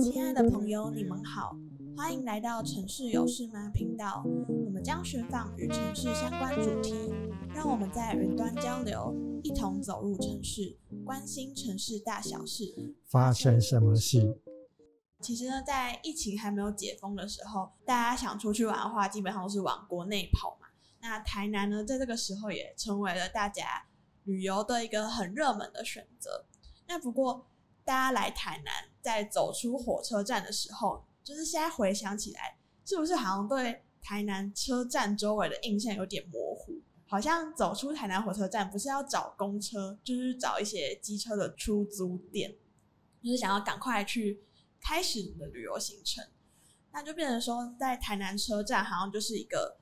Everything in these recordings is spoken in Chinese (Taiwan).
親愛的朋友，你們好，歡迎來到城市有事嗎頻道。我們將尋訪與城市相關主題，讓我們在雲端交流，一同走入城市，關心城市大小事，發生什麼事？其實呢，在疫情還沒有解封的時候，大家想出去玩的話，基本上都是往國內跑嘛。那台南呢，在這個時候也成為了大家旅遊的一個很熱門的選擇。那不過，大家來台南，在走出火車站的時候，就是現在回想起來，是不是好像對台南車站周圍的印象有點模糊？好像走出台南火車站，不是要找公車，就是找一些機車的出租店，就是想要趕快去開始你的旅遊行程。那就變成說，在台南車站好像就是一個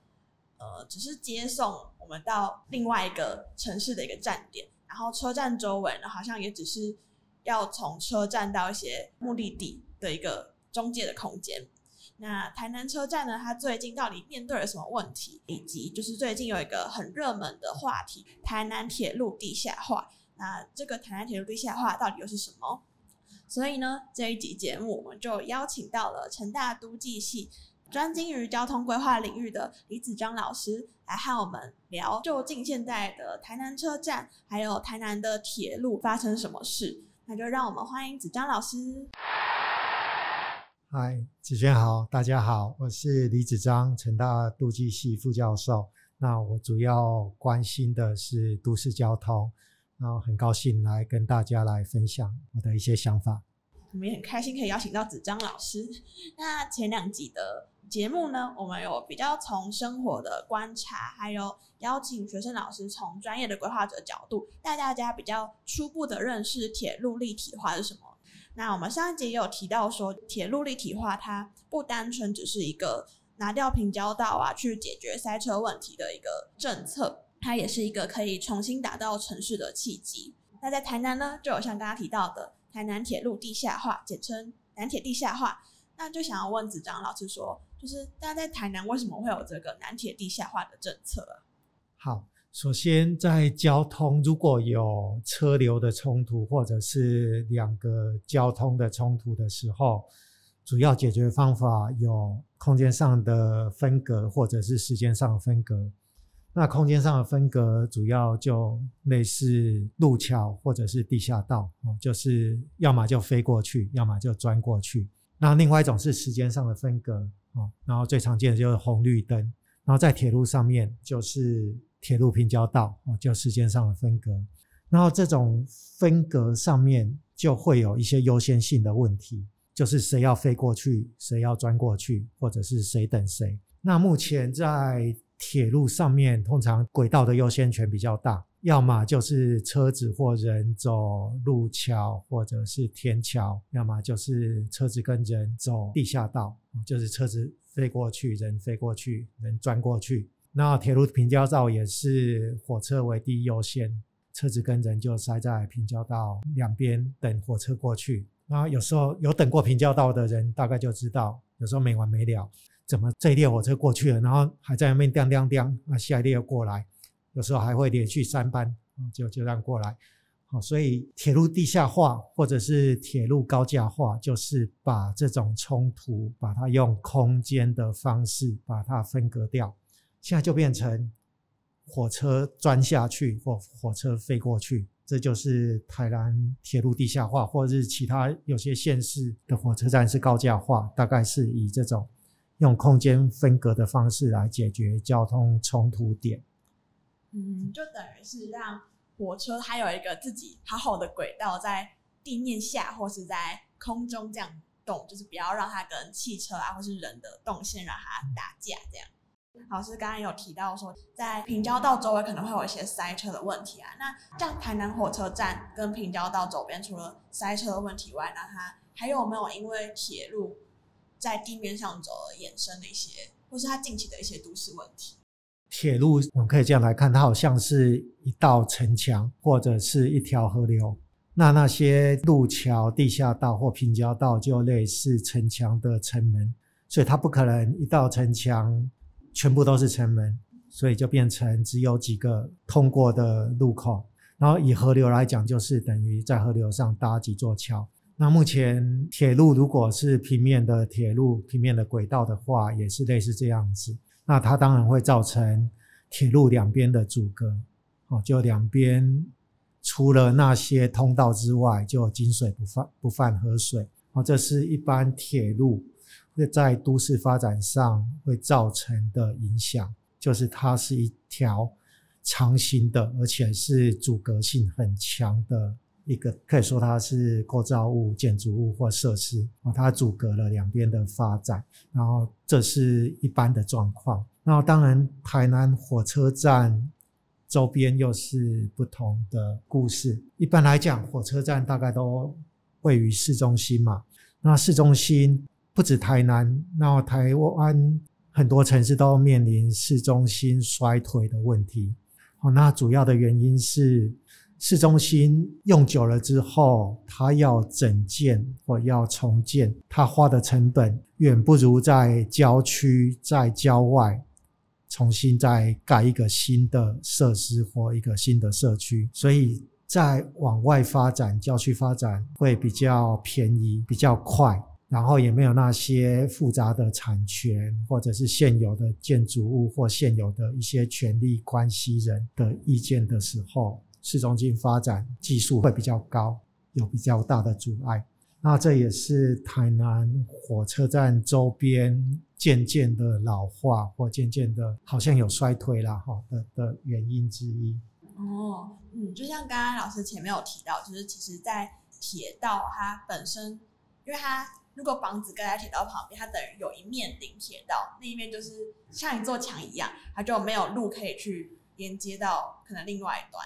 呃，只是接送我們到另外一個城市的一個站點。然後車站周圍呢，好像也只是要從車站到一些目的地的一個中介的空間。那台南車站呢？它最近到底面對了什麼問題？以及就是最近有一個很熱門的話題——台南鐵路地下化。那這個台南鐵路地下化到底又是什麼？所以呢，這一集節目我們就邀請到了成大都計系。專精於交通規劃領域的李子璋老師來和我們聊，究竟現在的台南車站，還有台南的鐵路發生什麼事。那就讓我們歡迎子璋老師。嗨，子軒好，大家好，我是李子璋，成大都計系副教授。那我主要關心的是都市交通，然後很高興來跟大家來分享我的一些想法。我們也很開心可以邀請到子璋老師。那前兩集的。節目呢，我們有比較從生活的觀察，還有邀請學生老師從專業的規劃者角度，帶大家比較初步的認識鐵路立體化是什麼。那我們上一節也有提到說，鐵路立體化它不單純只是一個拿掉平交道啊，去解決塞車問題的一個政策，它也是一個可以重新打造城市的契機。那在台南呢，就有像剛剛提到的台南鐵路地下化，簡稱南鐵地下化，那就想要問子璋老師說。就是大家在台南為什麼會有這個南鐵地下化的政策？好，首先在交通如果有車流的衝突或者是兩個交通的衝突的時候，主要解決方法有空間上的分隔或者是時間上的分隔。那空間上的分隔主要就類似陸橋或者是地下道，嗯，就是要麼就飛過去，要麼就鑽過去。那另外一種是時間上的分隔。哦，然後最常見的就是紅綠燈，然後在鐵路上面就是鐵路平交道，哦，就時間上的分隔，然後這種分隔上面就會有一些優先性的問題，就是誰要飛過去，誰要鑽過去，或者是誰等誰。那目前在鐵路上面，通常軌道的優先權比較大。要麼就是車子或人走路橋或者是天橋，要麼就是車子跟人走地下道，就是車子飛過去，人飛過去，人鑽過去。那鐵路平交道也是火車為第一優先，車子跟人就塞在平交道兩邊等火車過去。那有時候有等過平交道的人大概就知道，有時候沒完沒了，怎麼這列火車過去了，然後還在那邊叮叮叮，那下一列又過來。有時候還會連續三班，就就這樣過來。好，所以鐵路地下化或者是鐵路高架化，就是把這種衝突，把它用空間的方式把它分隔掉。現在就變成火車鑽下去或火車飛過去，這就是台南鐵路地下化，或者是其他有些縣市的火車站是高架化，大概是以這種用空間分隔的方式來解決交通衝突點。嗯，就等於是讓火車它有一個自己好好的軌道，在地面下或是在空中這樣動，就是不要讓它跟汽車啊或是人的動線讓它打架這樣。老師剛剛有提到說，在平交道周圍可能會有一些塞車的問題啊。那像台南火車站跟平交道周邊，除了塞車的問題外呢，那它還有沒有因為鐵路在地面上走而衍生的一些，或是它近期的一些都市問題？鐵路我們可以這樣來看，它好像是一道城牆或者是一條河流。那那些路橋、地下道或平交道就類似城牆的城門，所以它不可能一道城牆全部都是城門，所以就變成只有幾個通過的路口。然後以河流來講，就是等於在河流上搭幾座橋。那目前鐵路如果是平面的鐵路、平面的軌道的話，也是類似這樣子。那它當然會造成鐵路兩邊的阻隔，哦，就兩邊除了那些通道之外，就井水不犯不犯河水，哦，這是一般鐵路在都市發展上會造成的影響，就是它是一條長形的，而且是阻隔性很強的。一個可以說它是構造物、建築物或設施，啊，它阻隔了兩邊的發展，然後這是一般的狀況。那當然，台南火車站周邊又是不同的故事。一般來講，火車站大概都位於市中心嘛。那市中心不止台南，那台灣很多城市都面臨市中心衰退的問題。哦，那主要的原因是。市中心用久了之後，它要整建或要重建，它花的成本遠不如在郊區、在郊外重新再蓋一個新的設施或一個新的社區。所以，在往外發展、郊區發展會比較便宜、比較快，然後也沒有那些複雜的產權或者是現有的建築物或現有的一些權利關係人的意見的時候。市中心發展技術會比較高，有比較大的阻礙。那這也是台南火車站周邊漸漸的老化或漸漸的好像有衰退啦哈的的原因之一。哦，嗯，就像剛剛老師前面有提到，就是其實，在鐵道它本身，因為它如果房子蓋在鐵道旁邊，它等於有一面頂鐵道，那一面就是像一座牆一樣，它就沒有路可以去連接到可能另外一端。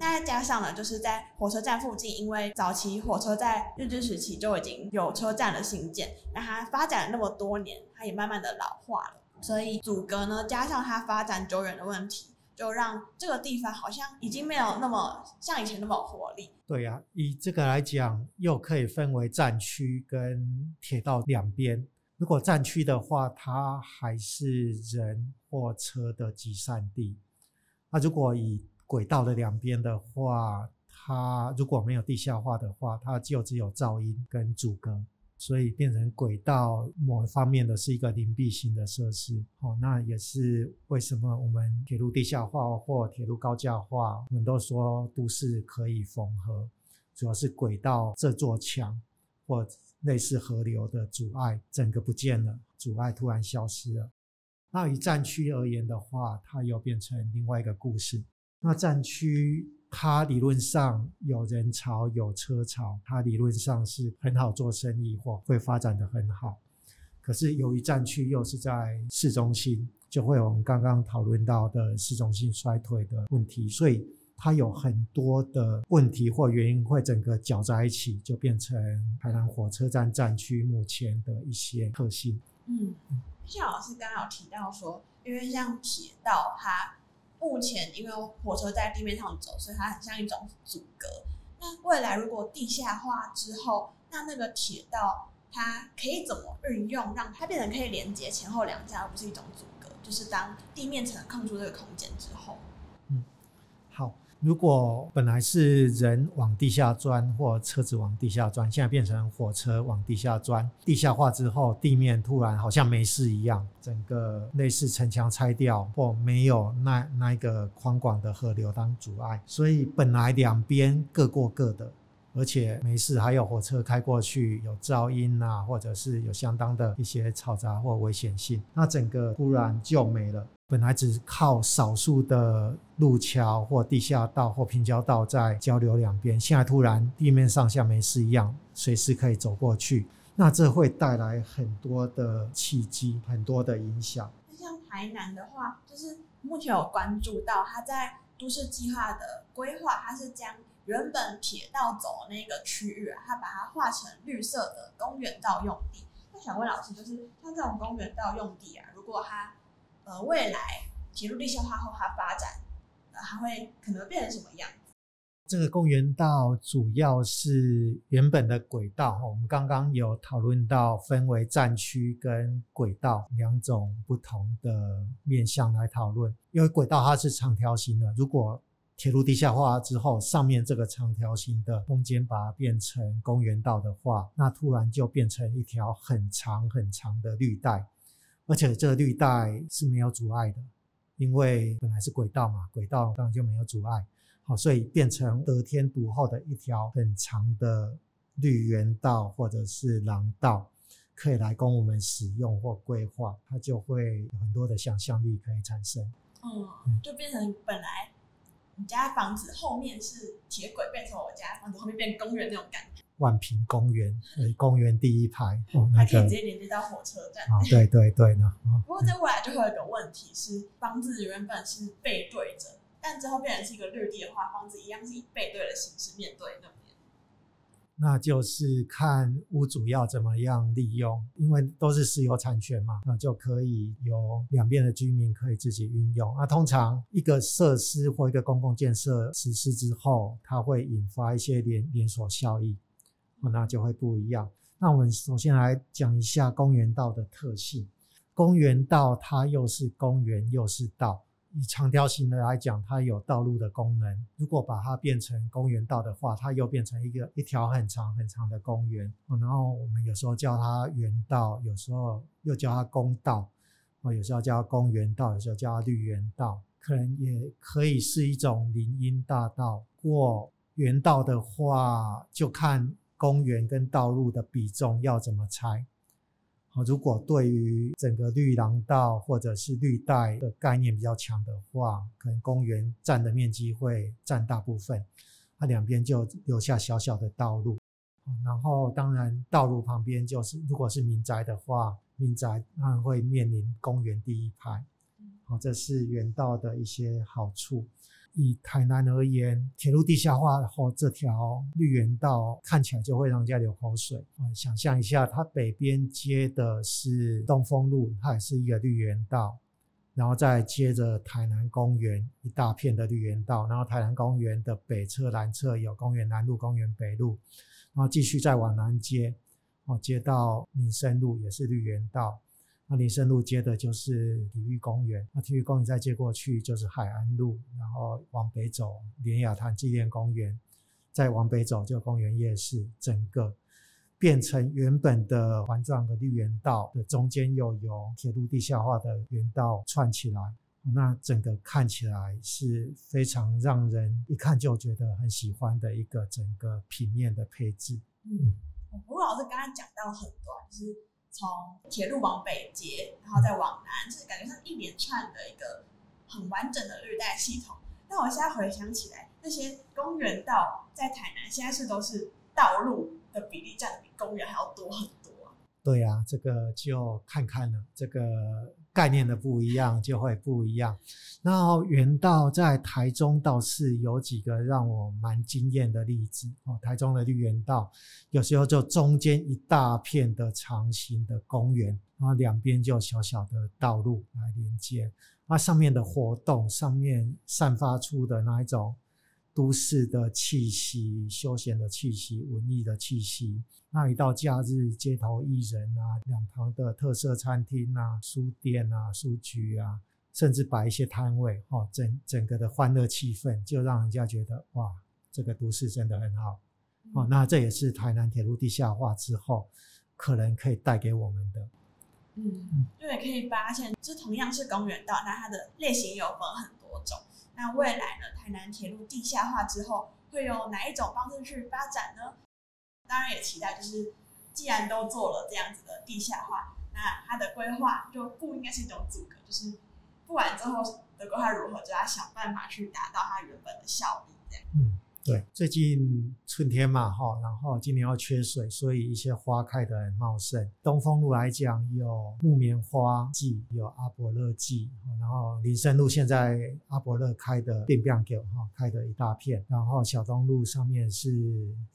那再加上呢，就是在火車站附近，因為早期火車在日治時期就已經有車站的興建，那它發展了那麼多年，它也慢慢的老化了。所以阻隔呢，加上它發展久遠的問題，就讓這個地方好像已經沒有那麼像以前那麼活力。對呀，啊，以這個來講，又可以分為站區跟鐵道兩邊。如果站區的話，它還是人或車的集散地。那如果以軌道的兩邊的話，它如果沒有地下化的話，它就只有噪音跟阻隔，所以變成軌道某一方面的是一個鄰避型的設施。好、哦，那也是為什麼我們鐵路地下化或鐵路高架化，我們都說都市可以縫合，主要是軌道這座牆或類似河流的阻礙整個不見了，阻礙突然消失了。那以站區而言的話，它又變成另外一個故事。那站區它理論上有人潮、有車潮，它理論上是很好做生意或會發展得很好。可是由於站區又是在市中心，就會有我們剛剛討論到的市中心衰退的問題，所以它有很多的問題或原因會整個攪在一起，就變成台南火車站站區目前的一些特性。嗯，謝老師剛好提到說，因為像鐵道它。目前因為火車在地面上走，所以它很像一種阻隔。那未來如果地下化之後，那那個鐵道它可以怎麼運用，讓它變成可以連接前後兩家，而不是一種阻隔？就是當地面層空出這個空間之後，嗯，好。如果本來是人往地下鑽，或車子往地下鑽，現在變成火車往地下鑽。地下化之後，地面突然好像沒事一樣，整個類似城牆拆掉，或沒有那那一個寬廣的河流當阻礙，所以本來兩邊各過各的。而且沒事，還有火車開過去，有噪音啊，或者是有相當的一些嘈雜或危險性。那整個突然就沒了，本來只是靠少數的路橋或地下道或平交道在交流兩邊，現在突然地面上像沒事一樣，隨時可以走過去。那這會帶來很多的契機，很多的影響。那像台南的話，就是目前有關注到，它在都市計劃的規劃，它是將。原本鐵道走那個區域啊，它把它劃成綠色的公園道用地。那想問老師，就是像這種公園道用地啊，如果它呃未來鐵路地下化後，它發展，它會可能變成什麼樣子？這個公園道主要是原本的軌道，我們剛剛有討論到分為站區跟軌道兩種不同的面向來討論。因為軌道它是長條形的，如果鐵路地下化之後，上面這個長條形的空間把它變成公園道的話，那突然就變成一條很長很長的綠帶，而且這個綠帶是沒有阻礙的，因為本來是軌道嘛，軌道當然就沒有阻礙。好，所以變成得天獨厚的一條很長的綠園道或者是廊道，可以來供我們使用或規劃，它就會有很多的想象力可以產生。嗯，就變成本來。你家房子後面是鐵軌，變成我家房子後面變公園那種感覺。萬平公園， 公園第一排， 還可以直接連接到火車站。哦，對對對呢。不過在未來，就會有一個問題是，房子原本是背對着，但之後變成是一個綠地的話，房子一樣是以背對的形式面對那那就是看屋主要怎麼樣利用，因為都是私有產權嘛，那就可以由兩邊的居民可以自己運用。啊，通常一個設施或一個公共建設實施之後，它會引發一些連連鎖效益，那就會不一樣。那我們首先來講一下公園道的特性，公園道它又是公園又是道。以長條形的來講，它有道路的功能。如果把它變成公園道的話，它又變成一個一條很長很長的公園。然後我們有時候叫它園道，有時候又叫它公道，哦，有時候叫它公園道，有時候叫它綠園道，可能也可以是一種林蔭大道。過園道的話，就看公園跟道路的比重要怎麼拆。好，如果對於整個綠廊道或者是綠帶的概念比較強的話，可能公園佔的面積會佔大部分，它兩邊就留下小小的道路，然後當然道路旁邊就是，如果是民宅的話，民宅當然會面臨公園第一排。好，這是園道的一些好處。以台南而言，鐵路地下化後，這條綠園道看起來就會讓人家流口水啊！想象一下，它北邊接的是東風路，它也是一個綠園道，然後再接着台南公園一大片的綠園道，然後台南公園的北側、南側有公園南路、公園北路，然後繼續再往南接，哦，接到民生路也是綠園道。那林森路接的就是體育公園，那體育公園再接過去就是海安路，然後往北走，蓮雅潭紀念公園，再往北走就公園夜市，整個變成原本的環狀的綠園道的中間又有鐵路地下化的園道串起來，那整個看起來是非常讓人一看就覺得很喜歡的一個整個平面的配置。嗯，吳老師剛剛講到很多，就、嗯、是。從鐵路往北截，然後再往南，就是感覺像一連串的一個很完整的綠帶系統。那我現在回想起來，那些公園道在台南現在是，是都是道路的比例占比公園還要多很多啊？對啊，這個就看看了這個。概念的不一樣就會不一樣。然後，園道在台中倒是有幾個讓我蠻驚艷的例子哦。台中的綠園道，有時候就中間一大片的長形的公園，然後兩邊就小小的道路來連接。那上面的活動，上面散發出的那一種。都市的氣息、休閒的氣息、文藝的氣息，那一到假日，街頭藝人啊，兩旁的特色餐廳啊、書店啊、書局啊，甚至擺一些攤位哦、喔，整整個的歡樂氣氛，就讓人家覺得哇，這個都市真的很好哦、嗯喔。那這也是台南鐵路地下化之後，可能可以帶給我們的。嗯，因為可以發現，這同樣是公園道，那它的類型有分很多種。那未來呢？台南鐵路地下化之後，會有哪一種方式去發展呢？當然也期待，就是既然都做了這樣子的地下化，那它的規劃就不應該是一種阻隔，就是不管之後的規劃如何，就要想辦法去達到它原本的效這樣對，最近春天嘛，哈，然後今年要缺水，所以一些花開得很茂盛。東風路來講，有木棉花季，有阿勃勒季，然後林森路現在阿勃勒開的變變狗，哈，開的一大片。然後小東路上面是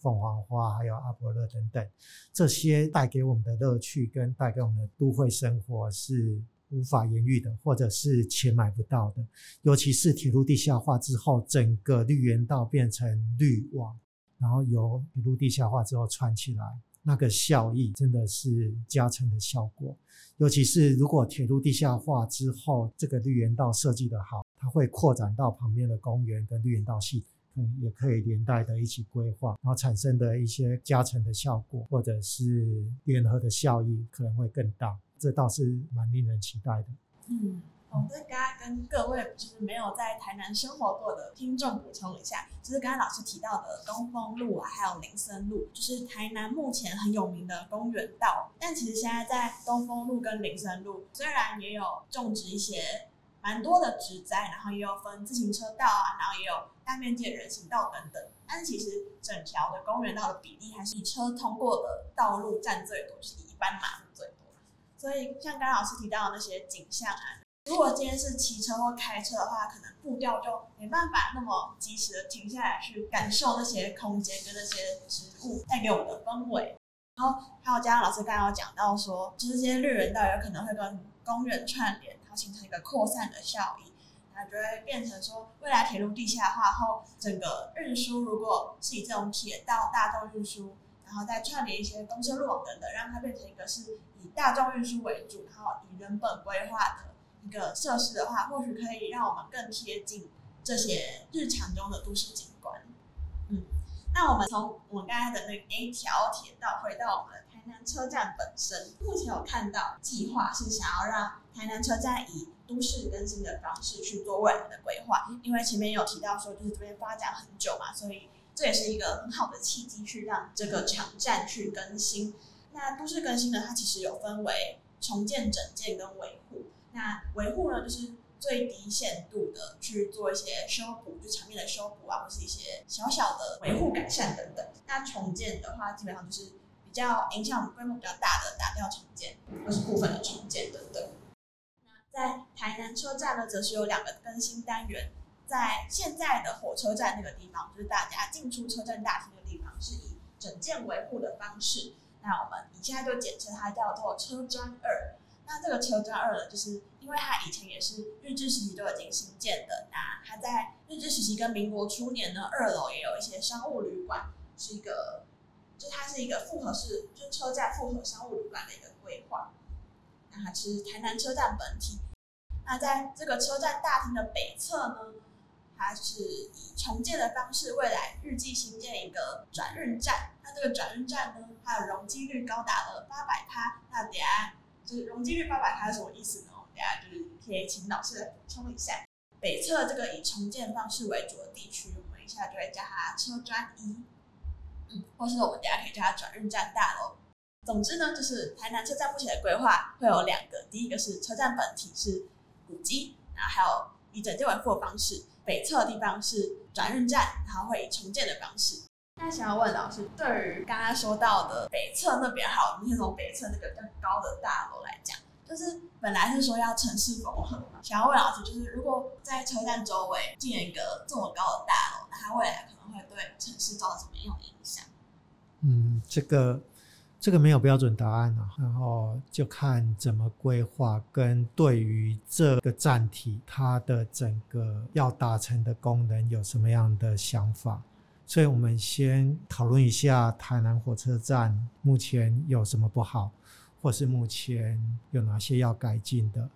鳳凰花，還有阿勃勒等等，這些帶給我們的樂趣跟帶給我們的都會生活是。無法言喻的，或者是錢買不到的。尤其是鐵路地下化之後，整個綠園道變成綠網，然後由鐵路地下化之後串起來，那個效益真的是加成的效果。尤其是如果鐵路地下化之後，這個綠園道設計得好，它會擴展到旁邊的公園跟綠園道系統，可能也可以連帶的一起規劃，然後產生的一些加成的效果，或者是聯合的效益可能會更大。這倒是蠻令人期待的。嗯，我們剛剛跟各位就是沒有在台南生活過的聽眾補充一下，就是剛剛老師提到的東風路啊，還有林森路，就是台南目前很有名的公園道。但其實現在在東風路跟林森路，雖然也有種植一些蠻多的植栽，然後也有分自行車道啊，然後也有大面積的人行道等等，但是其實整條的公園道的比例，還是以車通過的道路佔最多，是以一般馬路最多。所以，像剛剛老師提到的那些景象啊，如果今天是騎車或開車的話，可能步調就沒辦法那麼及時的停下來去感受那些空間跟那些植物帶給我們的氛圍。然後，還有佳老師剛剛有講到說，就是這些綠人道有可能會跟公園串聯，它形成一個擴散的效應，它就會變成說，未來鐵路地下化後，整個運輸如果是以這種鐵道大眾運輸。然後再串聯一些公車路網等等，讓它變成一個是以大眾運輸為主，然後以人本規劃的一個設施的話，或許可以讓我們更貼近這些日常中的都市景觀。嗯，那我們從我們剛才的那一條鐵道回到我們的台南車站本身，目前有看到計劃是想要讓台南車站以都市更新的方式去做未來的規劃，因為前面有提到說就是這邊發展很久嘛，所以。這也是一個很好的契機，去讓這個場站去更新。那都市更新呢，它其實有分為重建、整建跟維護。那維護呢，就是最低限度的去做一些修補，就牆面的修補啊，或是一些小小的維護、改善等等。那重建的話，基本上就是比較影響我們規模比較大的打掉重建，或、就是部分的重建等等。那在台南車站呢，則是有兩個更新單元。在現在的火車站那個地方，就是大家進出車站大廳的地方，是以整建維護的方式。那我們以下就簡稱它叫做車專二。那這個車專二呢，就是因為它以前也是日治時期都已經興建的。那它在日治時期跟民國初年呢，二樓也有一些商務旅館，是一個就它是一個複合式，就車站複合商務旅館的一個規劃。那它其實台南車站本體，那在這個車站大廳的北側呢。它是以重建的方式，未來預計新建一個轉運站。那這個轉運站呢，它的容積率高達了八百趴。那等下就是容積率八百趴是什麼意思呢？我們等下就是可以請老師來補充一下、嗯。北側這個以重建方式為主的地區，我們一下就會叫它車專一，嗯，或是我們等下可以叫它轉運站大樓。總之呢，就是台南車站目前的規劃會有兩個，第一個是車站本體是古蹟，然後還有以整建維護的方式。北側的地方是轉運站，然後會以重建的方式。那想要問老師，對於剛剛說到的北側那邊，好，我們先從北側這個更高的大樓來講，就是本來是說要城市縫合。想要問老師，就是如果在車站周圍建一個這麼高的大樓，它未來可能會對城市造成什麼樣的影響？嗯，這個。這個沒有標準答案啊，然後就看怎麼規劃，跟對於這個站體它的整個要達成的功能有什麼樣的想法。所以我們先討論一下台南火車站目前有什麼不好，或是目前有哪些要改進的，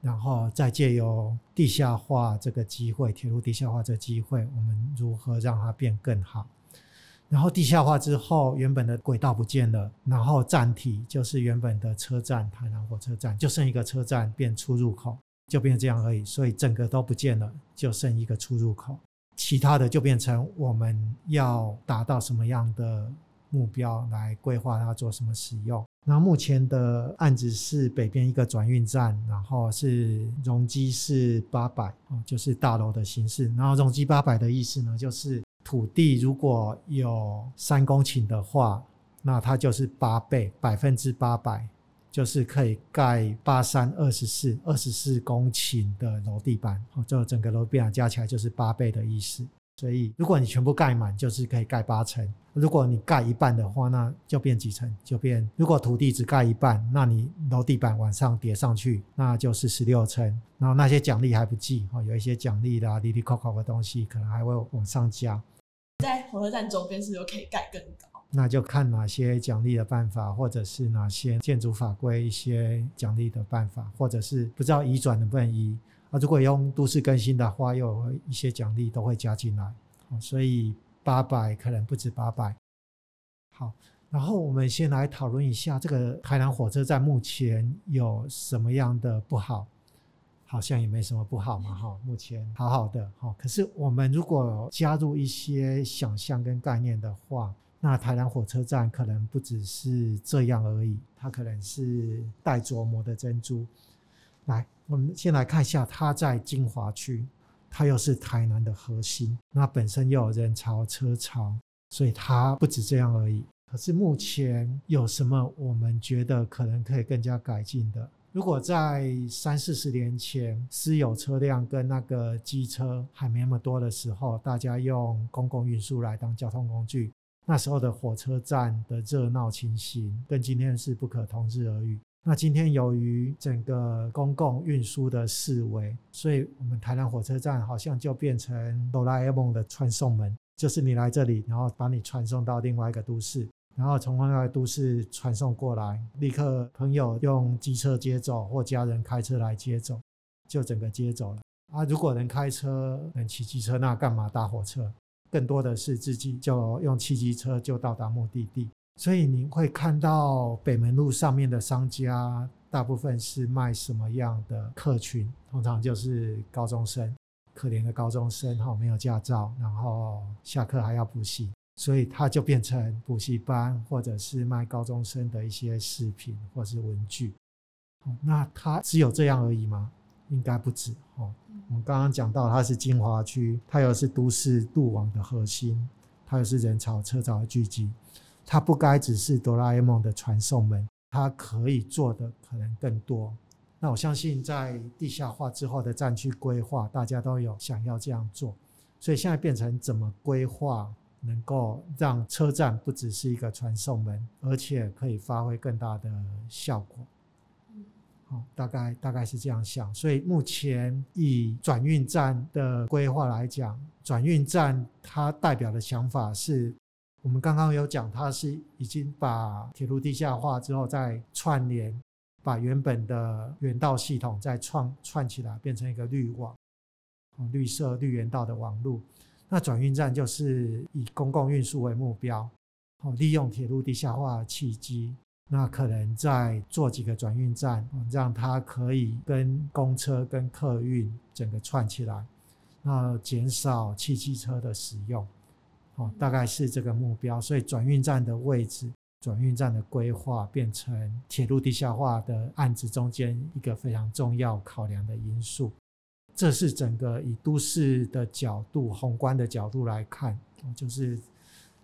然後再借由地下化這個機會，鐵路地下化這個機會，我們如何讓它變更好。然後地下化之後，原本的軌道不見了，然後站體就是原本的車站臺南火車站，就剩一個車站變出入口，就變這樣而已，所以整個都不見了，就剩一個出入口，其他的就變成我們要達到什麼樣的目標來規劃它做什麼使用。那目前的案子是北邊一個轉運站，然後是容積是800哦就是大樓的形式，然後容積800的意思呢，就是。土地如果有三公頃的話，那它就是八倍，百分之八百，就是可以蓋八三二十四二十四公頃的樓地板。哦，這整個樓地板加起來就是八倍的意思。所以，如果你全部蓋滿，就是可以蓋八層；如果你蓋一半的話，那就變幾層，就變。如果土地只蓋一半，那你樓地板往上疊上去，那就是十六層。然後那些獎勵還不計哦，有一些獎勵的里里扣扣的東西，可能還會往上加。在火車站周邊是不是可以蓋更高？那就看哪些獎勵的辦法，或者是哪些建築法規一些獎勵的辦法，或者是不知道移轉的問題啊。如果用都市更新的話，又有一些獎勵都會加進來，所以八百可能不止八百。好，然後我們先來討論一下這個臺南火車站目前有什麼樣的不好。好像也沒什麼不好嘛，哈，目前好好的，哈。可是我們如果加入一些想象跟概念的話，那台南火車站可能不只是這樣而已，它可能是待琢磨的珍珠。來，我們先來看一下，它在精華區，它又是台南的核心，那本身又有人潮車潮，所以它不止這樣而已。可是目前有什麼我們覺得可能可以更加改進的？如果在三四十年前，私有車輛跟那個機車還沒那麼多的時候，大家用公共運輸來當交通工具，那時候的火車站的熱鬧情形跟今天是不可同日而語。那今天由於整個公共運輸的式微，所以我們台南火車站好像就變成哆啦 A 夢的傳送門，就是你來這裡，然後把你傳送到另外一個都市。然後從外來都市傳送過來，立刻朋友用機車接走，或家人開車來接走，就整個接走了。啊，如果能開車、能騎機車，那個、幹嘛搭火車？更多的是自己就用汽機車就到達目的地。所以您會看到北門路上面的商家，大部分是賣什麼樣的客群？通常就是高中生，可憐的高中生哈，沒有駕照，然後下課還要補習。所以它就變成補習班，或者是賣高中生的一些飾品，或是文具。那它只有這樣而已嗎？應該不止哦。我們剛剛講到，它是精華區，它又是都市度網的核心，它又是人潮車潮的聚集。它不該只是哆啦 A 夢的傳送門，它可以做的可能更多。那我相信，在地下化之後的戰區規劃，大家都有想要這樣做，所以現在變成怎麼規劃？能夠讓車站不只是一個傳送門，而且可以發揮更大的效果。好，大概大概是這樣想。所以目前以轉運站的規劃來講，轉運站它代表的想法是，我們剛剛有講，它是已經把鐵路地下化之後再串聯，把原本的園道系統再串串起來，變成一個綠網，綠色綠園道的網路。那轉運站就是以公共運輸為目標，哦，利用鐵路地下化的契機，那可能再做幾個轉運站，讓它可以跟公車、跟客運整個串起來，那減少汽機車的使用，哦，大概是這個目標。所以，轉運站的位置、轉運站的規劃，變成鐵路地下化的案子中間一個非常重要考量的因素。這是整個以都市的角度、宏觀的角度來看，就是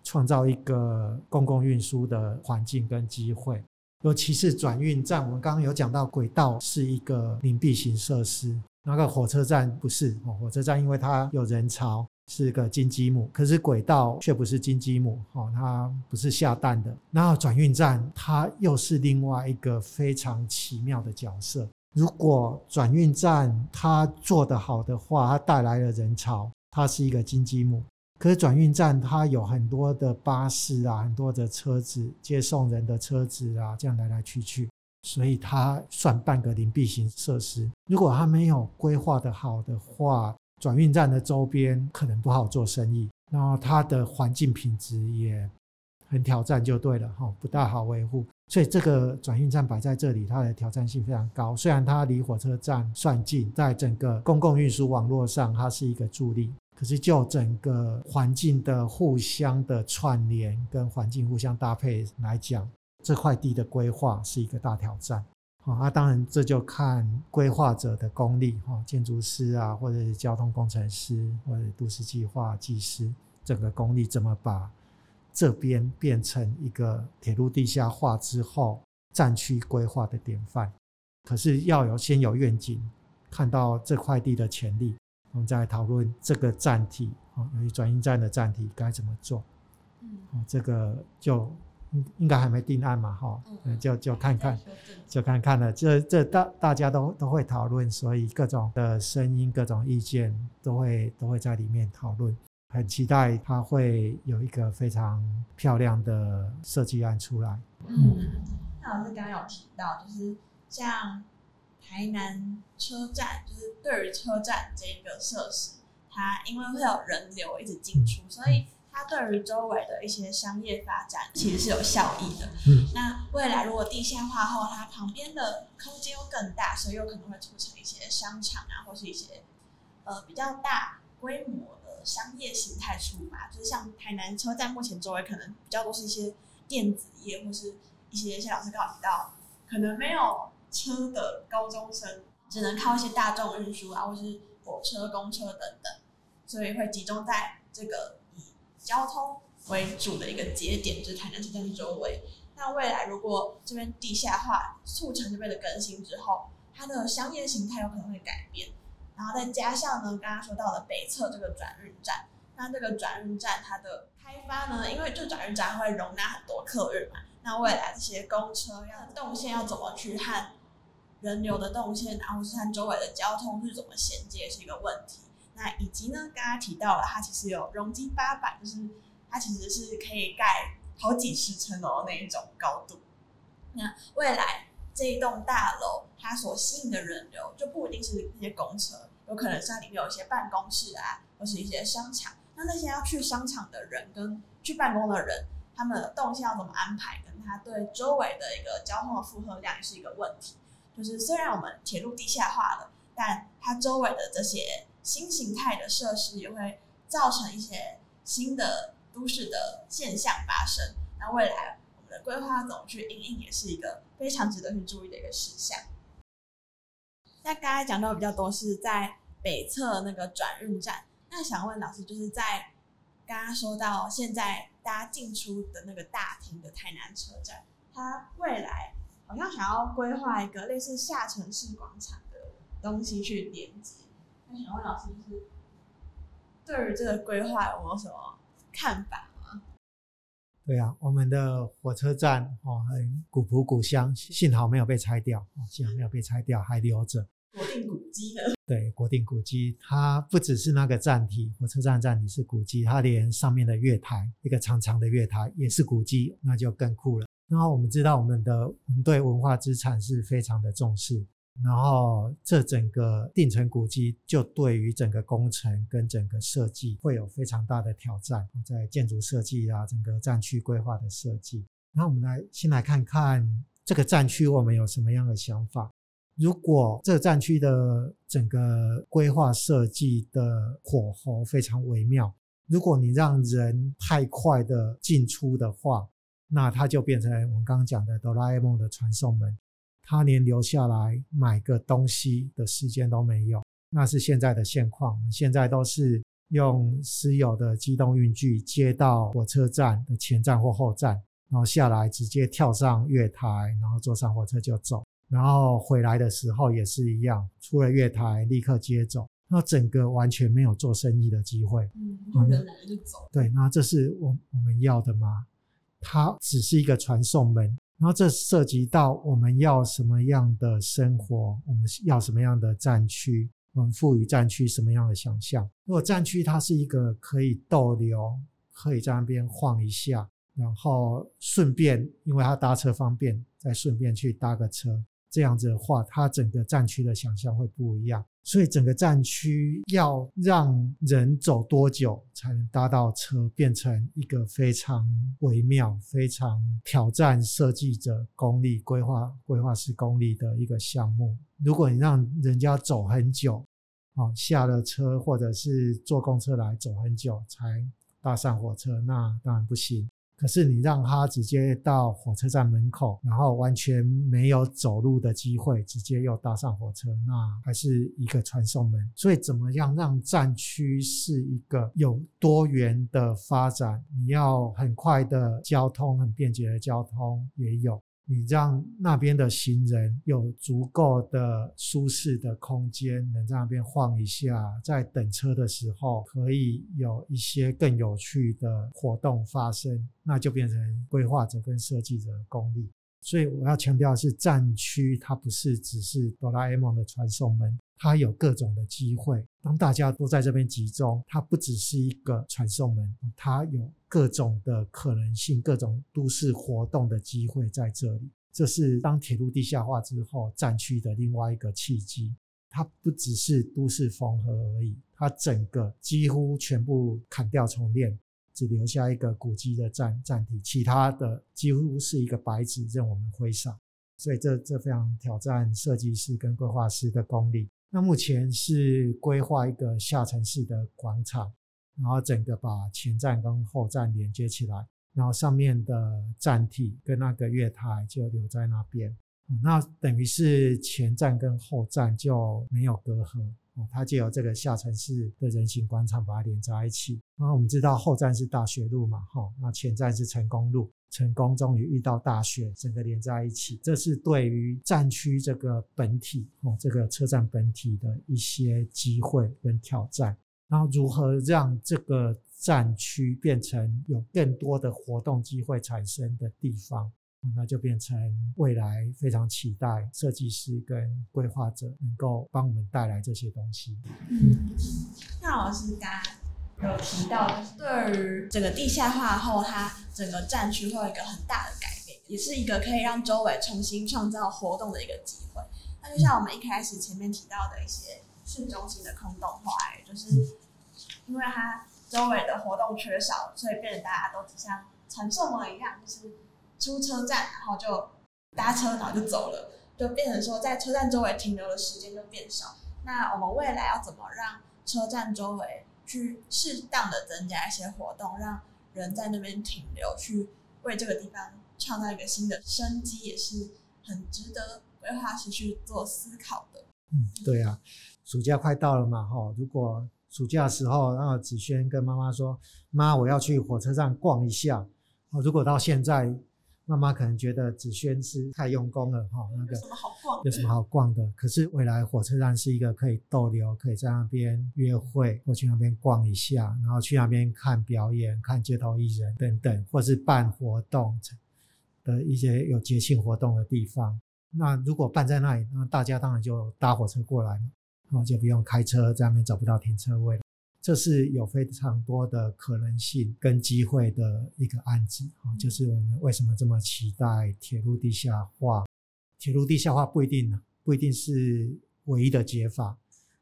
創造一個公共運輸的環境跟機會。尤其是轉運站，我們剛剛有講到，軌道是一個鄰避型設施，那個火車站不是，火車站因為它有人潮，是個金雞母，可是軌道卻不是金雞母，它不是下蛋的。那轉運站，它又是另外一個非常奇妙的角色。如果轉運站它做得好的話，它帶來了人潮，它是一個金雞母。可是轉運站它有很多的巴士啊，很多的車子，接送人的車子啊，這樣來來去去，所以它算半個鄰避型設施。如果它沒有規劃得好的話，轉運站的周邊可能不好做生意，然後它的環境品質也很挑戰就對了哈，不大好維護，所以這個轉運站擺在這裡，它的挑戰性非常高。雖然它離火車站算近，在整個公共運輸網絡上，它是一個助力。可是就整個環境的互相的串聯跟環境互相搭配來講，這塊地的規劃是一個大挑戰。那、啊、當然這就看規劃者的功力哈，建築師啊，或者是交通工程師或者都市計劃技師，整個功力怎麼把。這邊變成一個鐵路地下化之後，站區規劃的典範。可是要有先有願景，看到這塊地的潛力，我們再討論這個站體啊，由、哦、於轉運站的站體該怎麼做？哦、這個就應應該還沒定案嘛，哈、哦嗯嗯，就就看看，就看看了。這這大大家都都會討論，所以各種的聲音、各種意見都會都會在裡面討論。很期待它會有一個非常漂亮的設計案出來，嗯。嗯，蔡老師剛剛有提到，就是像台南車站，就是對於車站這個設施，它因為會有人流一直進出，嗯，所以它對於周圍的一些商業發展其實是有效益的。嗯。那未來如果地下化後，它旁邊的空間又更大，所以有可能會促成一些商場啊，或是一些呃比較大規模的。商業形態出馬，就是像台南車站目前周圍可能比較多是一些電子業，或是一些像老師剛剛提到，可能沒有車的高中生只能靠一些大眾運輸啊，或是火車、公車等等，所以會集中在這個以交通為主的一個節點，就是台南車站周圍。那未來如果這邊地下化促成這邊的更新之後，它的商業形態有可能會改變。然後再加上呢，剛剛說到的北側這個轉運站，那這個轉運站它的開發呢，因為這轉運站會容納很多客運嘛，那未來這些公車要的動線要怎麼去和人流的動線，然後是和周圍的交通是怎麼銜接，是一個問題。那以及呢，剛剛提到了它其實有容積八百，就是它其實是可以蓋好幾十層樓那一種高度。那未來這一棟大樓它所吸引的人流就不一定是一些公車。有可能像裡面有一些辦公室啊，或是一些商場，那那些要去商場的人跟去辦公的人，他們的動線要怎麼安排？跟他對周圍的一個交通的負荷量也是一個問題。就是雖然我們鐵路地下化了，但它周圍的這些新形態的設施也會造成一些新的都市的現象發生。那未來我們的規劃怎麼去應應也是一個非常值得去注意的一個事項。那剛才講到比較多是在。北側那個轉運站，那想問老師，就是在剛剛說到現在大家進出的那個大廳的台南車站，它未來好像想要規劃一個類似下沉式廣場的東西去連接。那想問老師，就是對於這個規劃有沒有什麼看法嗎？對啊，我們的火車站哦，很古樸古香，幸好沒有被拆掉哦，幸好沒有被拆掉，還留着。國定古蹟呢？對，國定古蹟，它不只是那個站體，火車站站體是古蹟，它連上面的月台，一個長長的月台也是古蹟，那就更酷了。然後我們知道，我們的我們對文化資產是非常的重視。然後這整個定城古蹟，就對於整個工程跟整個設計會有非常大的挑戰。在建築設計啊，整個站區規劃的設計。然後我們來先來看看這個站區，我們有什麼樣的想法？如果這站區的整個規劃設計的火候非常微妙，如果你讓人太快的進出的話，那它就變成我們剛剛講的哆啦 A 夢的傳送門，他連留下來買個東西的時間都沒有。那是現在的現況，我們現在都是用私有的機動運具接到火車站的前站或後站，然後下來直接跳上月台，然後坐上火車就走。然後回來的時候也是一樣，出了月台立刻接走，那整個完全沒有做生意的機會，嗯，來了就走了。對，那這是我我們要的嗎？它只是一個傳送門，然後這涉及到我們要什麼樣的生活，我們要什麼樣的站區，我們賦予站區什麼樣的想象？如果站區它是一個可以逗留，可以在那邊晃一下，然後順便，因為它搭車方便，再順便去搭個車。這樣子的話，它整個戰區的想象會不一樣。所以整個戰區要讓人走多久才能搭到車，變成一個非常微妙、非常挑戰設計者功力、規劃規劃師功力的一個項目。如果你讓人家走很久，哦，下了車或者是坐公車來走很久才搭上火車，那當然不行。可是你讓他直接到火車站門口，然後完全沒有走路的機會，直接又搭上火車，那還是一個傳送門。所以怎麼樣讓站區是一個有多元的發展？你要很快的交通，很便捷的交通也有。你讓那邊的行人有足夠的舒適的空間，能在那邊晃一下，在等車的時候可以有一些更有趣的活動發生，那就變成規劃者跟設計者的功力。所以我要強調的是站區，它不是只是哆啦 A 夢的傳送門，它有各種的機會。當大家都在這邊集中，它不只是一個傳送門，它有。各種的可能性，各種都市活動的機會在這裡。這是當鐵路地下化之後，站區的另外一個契機。它不只是都市縫合而已，它整個幾乎全部砍掉重建，只留下一個古蹟的站站體，其他的幾乎是一個白紙任我們揮灑。所以這這非常挑戰設計師跟規劃師的功力。那目前是規劃一個下沉式的廣場。然後整個把前站跟後站連接起來，然後上面的站體跟那個月台就留在那邊，嗯、那等於是前站跟後站就沒有隔閡它、哦、就有這個下沉式的人行廣場把它連在一起。然後我們知道後站是大學路嘛，哈、哦，那前站是成功路，成功終於遇到大學，整個連在一起。這是對於站區這個本體哦，這個車站本體的一些機會跟挑戰。然後如何讓這個站區變成有更多的活動機會產生的地方、嗯，那就變成未來非常期待設計師跟規劃者能夠幫我們帶來這些東西、嗯。嗯，那老師剛有提到，對於整個地下化後，它整個站區會有一個很大的改變，也是一個可以讓周圍重新創造活動的一個機會。那就像我們一開始前面提到的一些市中心的空洞化，就是。因為它周圍的活動缺少，所以變成大家都只像傳送門一樣，就是出車站，然後就搭車，然後就走了，就變成說在車站周圍停留的時間就變少。那我們未來要怎麼讓車站周圍去適當的增加一些活動，讓人在那邊停留，去為這個地方創造一個新的生機，也是很值得規劃師去做思考的。嗯，對啊，暑假快到了嘛，吼，如果。暑假時候，然後子軒跟媽媽說：“媽，我要去火車站逛一下。”如果到現在，媽媽可能覺得子軒是太用功了，哈，那個有什麼好逛的？有什麼好逛的？可是未來火車站是一個可以逗留、可以在那邊約會，或去那邊逛一下，然後去那邊看表演、看街頭藝人等等，或是辦活動的一些有節慶活動的地方。那如果辦在那裡，那大家當然就搭火車過來了。然後就不用開車，在外面找不到停車位，這是有非常多的可能性跟機會的一個案子。就是我們為什麼這麼期待鐵路地下化？鐵路地下化不一定，不一定是唯一的解法。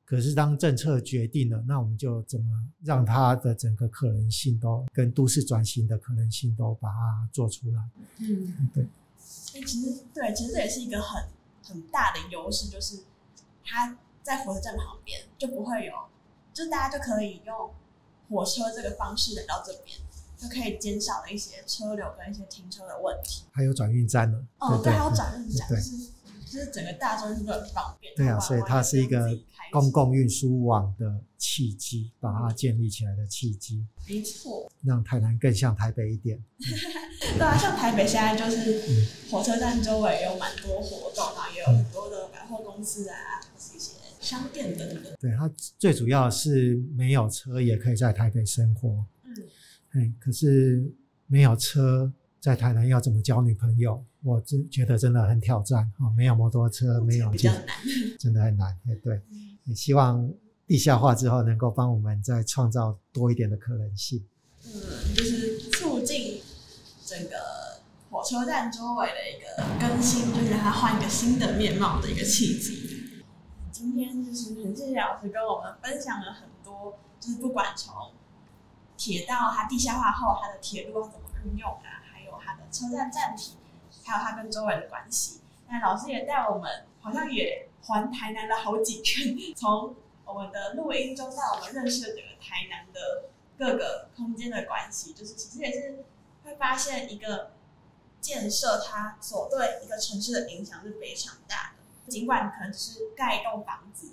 可是當政策決定了，那我們就怎麼讓它的整個可能性都跟都市轉型的可能性都把它做出來？嗯，對。所以其實對，其實這也是一個很很大的優勢，就是它。在火車站旁邊就不會有，就是大家就可以用火車這個方式來到這邊，就可以減少了一些車流跟一些停車的問題。還有轉運站呢？哦，對，對，對，還有轉運站，就是、就是、對對對就是整個大都會都很方便。對啊，所以它是一個公共運輸網的契機、嗯，把它建立起來的契機、嗯。沒錯。讓台南更像台北一點。嗯、 對啊，像台北現在就是火車站周圍也有蠻多活動，然後也有很多的百貨公司啊。嗯商店等等，對，它最主要是沒有車也可以在台北生活。嗯，哎，可是沒有車在台南要怎麼交女朋友？我真覺得真的很挑戰啊！沒有摩托車，沒有這樣。真的很難。也對，也希望地下化之後能夠幫我們再創造多一點的可能性。嗯，就是促進這個火車站周圍的一個更新，就是讓它換一個新的面貌的一個契機。今天就是很謝謝老師跟我們分享了很多，就是不管從鐵道它地下化後，它的鐵路要怎麼運用啊，還有它的車站站體，還有它跟周圍的關係。那老師也帶我們，好像也環台南了好幾圈。從我們的錄音中，帶我們認識了整個台南的各個空間的關係，就是其實也是會發現一個建設它所對一個城市的影響是非常大的。儘管可能是蓋一棟房子，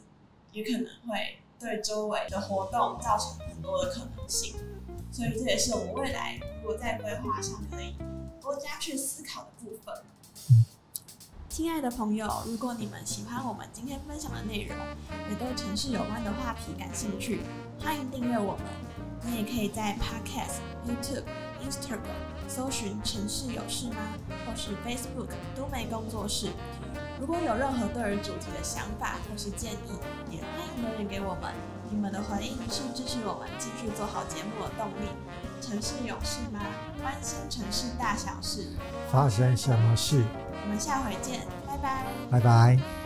也可能會對周圍的活動造成很多的可能性，所以這也是我們未來如果在規劃上可以多加去思考的部分。親愛的朋友，如果你們喜歡我們今天分享的內容，也對城市有關的話題感興趣，歡迎訂閱我們。你也可以在 Podcast、YouTube、Instagram 搜尋“城市有事嗎”或是 Facebook“ 都媒工作室”。如果有任何個人主題的想法或是建議，也歡迎留言給我們。你們的回應是支持我們繼續做好節目的動力。城市有事嗎？關心城市大小事，發生什麼事？我們下回見，拜拜。拜拜。